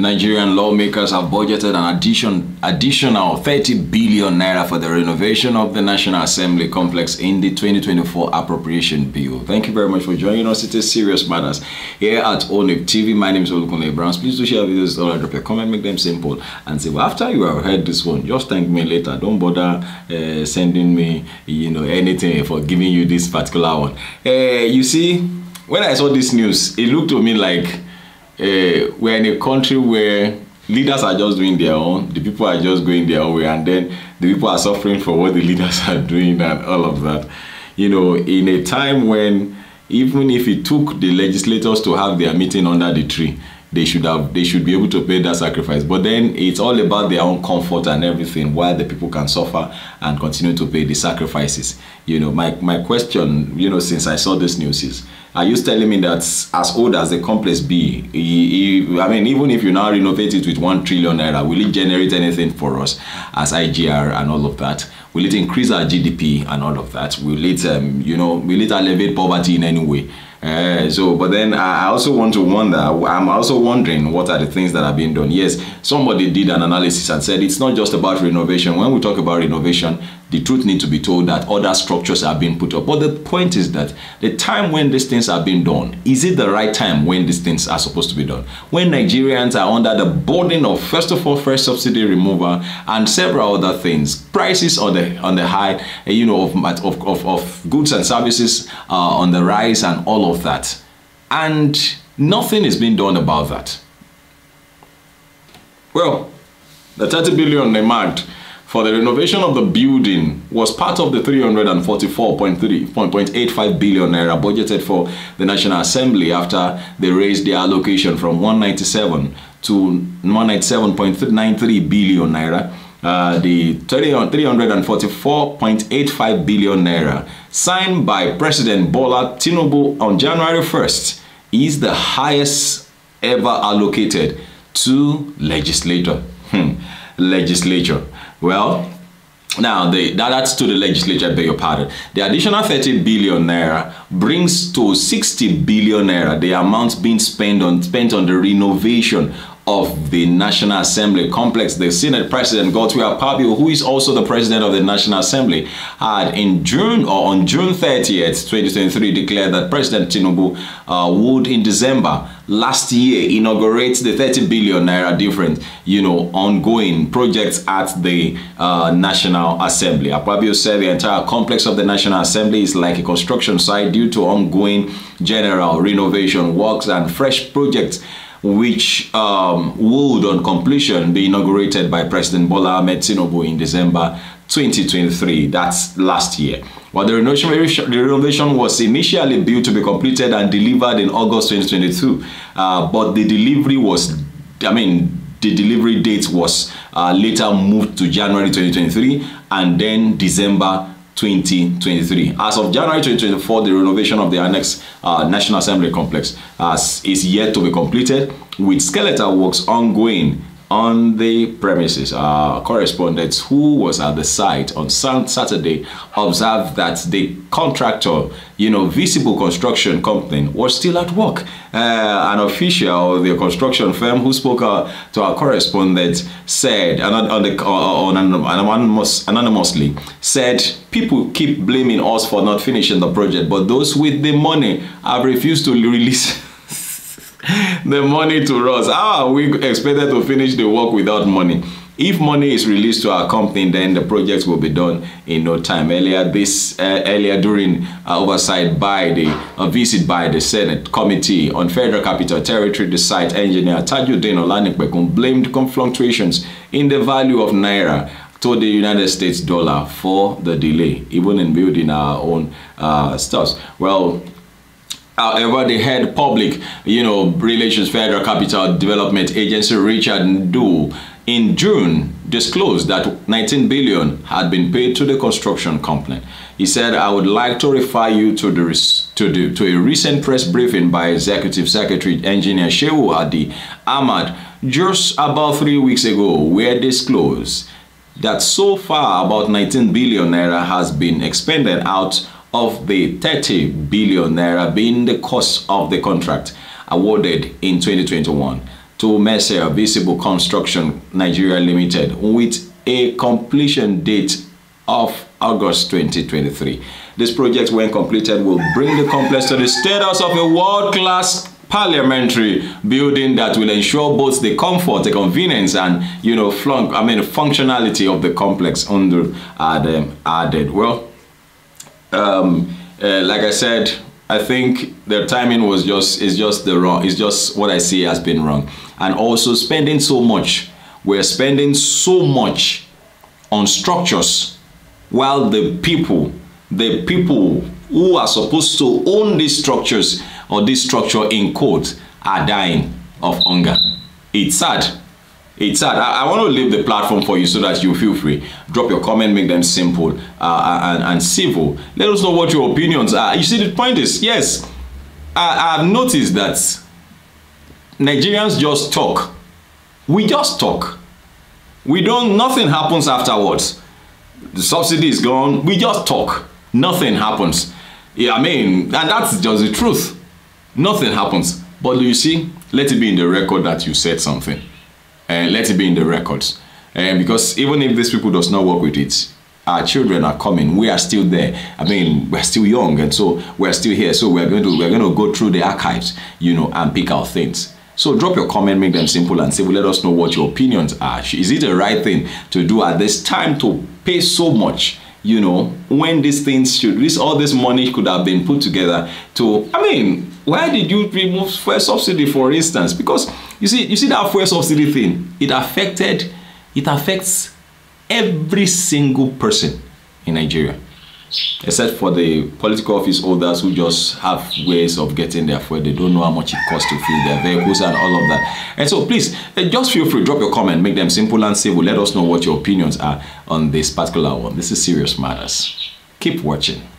Nigerian lawmakers have budgeted an addition, additional 30 billion naira for the renovation of the National Assembly complex in the 2024 appropriation bill. Thank you very much for joining us. It is Serious Matters here at ONIP TV. My name is Olukunle Browns. Please do share videos, dollar, drop your comment, make them simple, and say, well, after you have heard this one, just thank me later. Don't bother uh, sending me, you know, anything for giving you this particular one. Uh, you see, when I saw this news, it looked to me like uh, we're in a country where leaders are just doing their own the people are just going their own way and then the people are suffering for what the leaders are doing and all of that you know in a time when even if it took the legislators to have their meeting under the tree they should have they should be able to pay that sacrifice but then it's all about their own comfort and everything while the people can suffer and continue to pay the sacrifices. You know, my, my question, you know, since I saw this news is, are you telling me that as old as the complex be, I mean, even if you now renovate it with one trillion naira, will it generate anything for us as IGR and all of that? Will it increase our GDP and all of that? Will it, um, you know, will it elevate poverty in any way? Uh, so, but then I also want to wonder, I'm also wondering what are the things that are being done. Yes, somebody did an analysis and said it's not just about renovation. When we talk about renovation, the truth needs to be told that other structures are being put up. But the point is that the time when these things are being done, is it the right time when these things are supposed to be done? When Nigerians are under the burden of, first of all, first subsidy removal and several other things, prices on the on the high, eh, you know, of, of, of, of goods and services uh, on the rise and all of that. And nothing is being done about that. Well, the 30 billion demand for the renovation of the building was part of the 344.3.85 billion naira budgeted for the National Assembly after they raised their allocation from 197 to 197.93 billion naira. Uh, the 344.85 billion naira signed by President Bola Tinubu on January 1st is the highest ever allocated to hmm. legislature. Legislature. Well, now, the, adds to the legislature, I beg your pardon. The additional 30 billion naira brings to 60 billion naira the amount being spent on, spent on the renovation of the National Assembly complex, the Senate President Gottfried Papio, who is also the President of the National Assembly, had in June or on June 30th, 2023, declared that President Tinubu uh, would in December last year inaugurate the 30 billion naira different, you know, ongoing projects at the uh, National Assembly. Apabio said the entire complex of the National Assembly is like a construction site due to ongoing general renovation works and fresh projects which um, would, on completion, be inaugurated by President Bola Ahmed Tinubu in December 2023. That's last year. While the renovation, the renovation was initially built to be completed and delivered in August 2022, uh, but the delivery was, I mean, the delivery date was uh, later moved to January 2023 and then December 2023. As of January 2024, the renovation of the annex uh, National Assembly complex uh, is yet to be completed, with skeletal works ongoing on the premises. Our correspondent who was at the site on Saturday observed that the contractor, you know, Visible Construction Company was still at work. Uh, an official of the construction firm who spoke uh, to our correspondent said, on, on the, uh, on, anonymous, anonymously, said, people keep blaming us for not finishing the project, but those with the money have refused to release the money to us. How are we expected to finish the work without money? If money is released to our company, then the projects will be done in no time. Earlier this, uh, earlier during uh, oversight by the uh, visit by the Senate Committee on Federal Capital Territory, the site engineer Tajuddin Olanipekun blamed fluctuations in the value of naira to the United States dollar for the delay, even in building our own uh, stuff. Well, However, the head public, you know, relations Federal Capital Development Agency, Richard Ndu, in June disclosed that 19 billion had been paid to the construction company. He said, I would like to refer you to, the, to, the, to a recent press briefing by Executive Secretary Engineer Shehu Adi Ahmad just about three weeks ago where disclosed that so far about 19 billion naira has been expended out of the 30 billion naira being the cost of the contract awarded in 2021 to Mercer Visible Construction Nigeria Limited with a completion date of August 2023. This project, when completed, will bring the complex to the status of a world-class parliamentary building that will ensure both the comfort, the convenience, and you know, flunk, I mean, functionality of the complex under uh, added. Well, um, uh, like I said, I think their timing was just is just the wrong. It's just what I see has been wrong, and also spending so much. We're spending so much on structures, while the people, the people who are supposed to own these structures or this structure in quote, are dying of hunger. It's sad it's sad. I, I want to leave the platform for you so that you feel free. Drop your comment, make them simple uh, and, and civil. Let us know what your opinions are. You see, the point is, yes, I, I've noticed that Nigerians just talk. We just talk. We don't, nothing happens afterwards. The subsidy is gone. We just talk. Nothing happens. Yeah, I mean, and that's just the truth. Nothing happens. But you see, let it be in the record that you said something. Uh, let it be in the records. And uh, because even if these people does not work with it, our children are coming. We are still there. I mean, we're still young, and so we're still here. So we're going to we're going to go through the archives, you know, and pick out things. So drop your comment, make them simple, and say, let us know what your opinions are. Is it the right thing to do at this time to pay so much? You know, when these things should this all this money could have been put together to. I mean, why did you remove fuel subsidy, for instance? Because you see, you see that fuel subsidy thing. It affected, it affects every single person in Nigeria, except for the political office holders who just have ways of getting their fuel. They don't know how much it costs to fill their vehicles and all of that. And so, please, eh, just feel free, drop your comment, make them simple and simple. Let us know what your opinions are on this particular one. This is serious matters. Keep watching.